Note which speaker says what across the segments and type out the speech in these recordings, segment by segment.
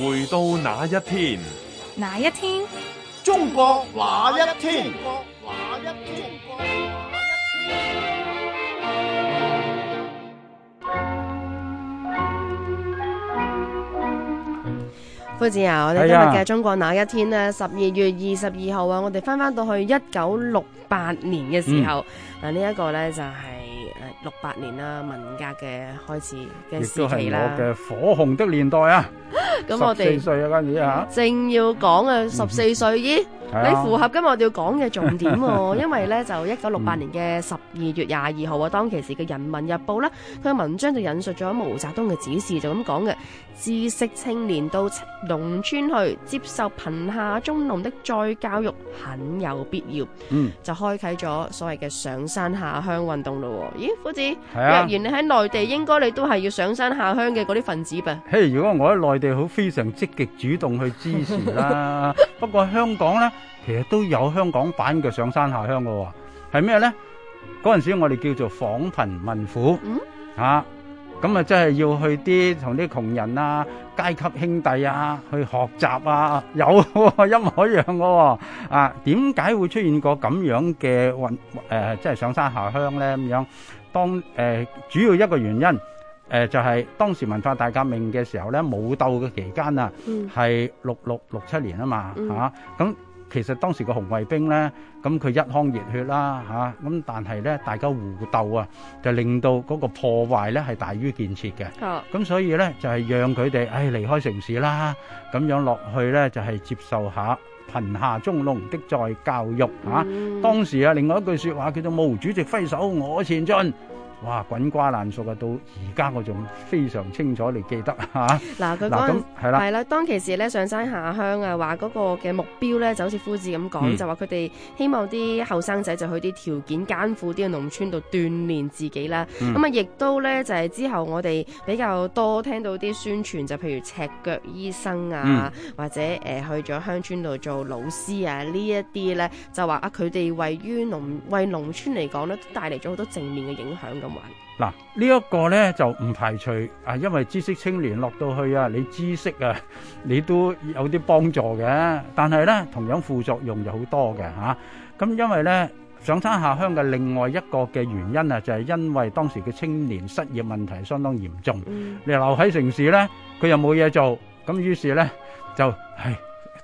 Speaker 1: 回到那一天，那一天， 中國那一天？
Speaker 2: 中國那一天。父子啊，我哋今日嘅《中國那一天》呢？十二月二十二號啊，我哋返返到去一九六八年嘅時候，嗱、嗯，呢一個咧就係。六八年啦，文革嘅開始嘅時期啦，亦都係我嘅
Speaker 1: 火紅的年代啊！咁 我哋十四歲啊，
Speaker 2: 正要講啊，十四歲咦，
Speaker 1: 你符合
Speaker 2: 今日我哋要講嘅重點喎、啊嗯，因為呢，就一九六八年嘅十二月廿二號啊，當其時嘅《人民日報》呢，佢嘅文章就引述咗毛澤東嘅指示，就咁講嘅，知識青年到農村去接受貧下中農的再教育很有必要，嗯，就開啟咗所謂嘅上山下鄉運動咯、啊。夫子，若然你喺內地，應該你都係要上山下鄉嘅嗰啲分子吧？
Speaker 1: 嘿，如果我喺內地好非常積極主動去支持啦，不過香港呢，其實都有香港版嘅上山下鄉嘅喎，係咩呢？嗰陣時我哋叫做訪貧問苦，嗯啊。咁啊，真係要去啲同啲窮人啊、階級兄弟啊去學習啊，有、哦、一模一樣嘅喎、哦。啊，點解會出現個咁樣嘅運？即、呃、係、就是、上山下鄉咧咁樣。當誒、呃、主要一個原因，誒、呃、就係、是、當時文化大革命嘅時候咧，武鬥嘅期間啊，係六六六七年嘛、嗯、啊嘛嚇，咁。其實當時個紅衛兵呢，咁佢一腔熱血啦嚇，咁、啊、但係呢，大家互鬥啊，就令到嗰個破壞呢係大於建設嘅。咁、啊、所以呢，就係、是、讓佢哋唉離開城市啦，咁樣落去呢，就係、是、接受一下貧下中農的再教育嚇、啊嗯。當時啊，另外一句説話叫做毛主席揮手，我前進。哇！滾瓜爛熟啊！到而家我仲非常清楚你記得吓
Speaker 2: 嗱，佢講係啦，係啦。當其時咧，上山下鄉啊，話個嘅目標咧，就好似夫子咁講就話佢哋希望啲後生仔就去啲條件艱苦啲嘅農村度鍛煉自己啦。咁、嗯、啊，亦都咧就係、是、之後我哋比較多聽到啲宣傳就譬如赤腳醫生啊，嗯、或者誒、呃、去咗鄉村度做老師啊一呢一啲咧，就話啊佢哋位於農為農村嚟講咧，都帶嚟咗好多正面嘅影響咁。
Speaker 1: 嗱，呢一個呢就唔排除啊，因為知識青年落到去啊，你知識啊，你都有啲幫助嘅。但係呢，同樣副作用就好多嘅嚇。咁、啊、因為呢，上山下鄉嘅另外一個嘅原因啊，就係、是、因為當時嘅青年失業問題相當嚴重，你留喺城市呢，佢又冇嘢做，咁於是呢，就係。唉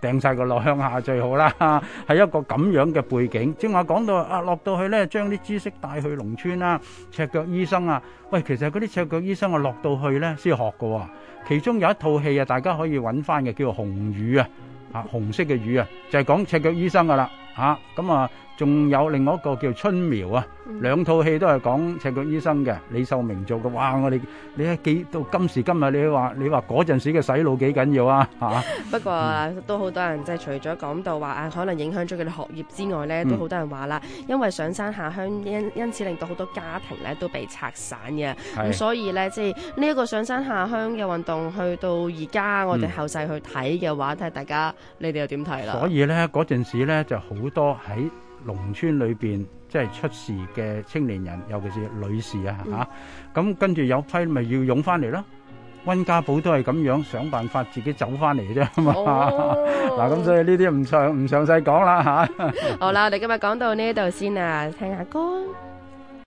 Speaker 1: 掟晒個落鄉下最好啦，係、啊、一個咁樣嘅背景。正話講到啊，落到去咧，將啲知識帶去農村啦、啊，赤腳醫生啊，喂，其實嗰啲赤腳醫生啊，落到去咧先學嘅、啊。其中有一套戲啊，大家可以揾返嘅，叫做紅魚啊，啊，紅色嘅魚啊，就係、是、講赤腳醫生嘅、啊、啦。嚇咁啊，仲有另外一個叫春苗啊，兩套戲都係講赤腳醫生嘅李秀明做嘅。哇！我哋你喺幾到今時今日，你話你話嗰陣時嘅洗腦幾緊要啊？嚇！
Speaker 2: 不過都好多人即係除咗講到話啊，可能影響咗佢哋學業之外咧，都好多人話啦，因為上山下鄉，因因此令到好多家庭咧都被拆散嘅。咁所以咧，即係呢一個上山下鄉嘅運動，去到而家我哋後世去睇嘅話，睇大家你哋又點睇啦？所
Speaker 1: 以咧嗰陣時咧就好。好多喺農村裏邊，即係出事嘅青年人，尤其是女士啊嚇。咁跟住有批咪要湧翻嚟咯。溫家寶都係咁樣想辦法自己走翻嚟嘅啫嘛。嗱咁所以呢啲唔詳唔詳細講啦嚇。
Speaker 2: 好啦，我哋今日講到呢度先啊，聽下歌。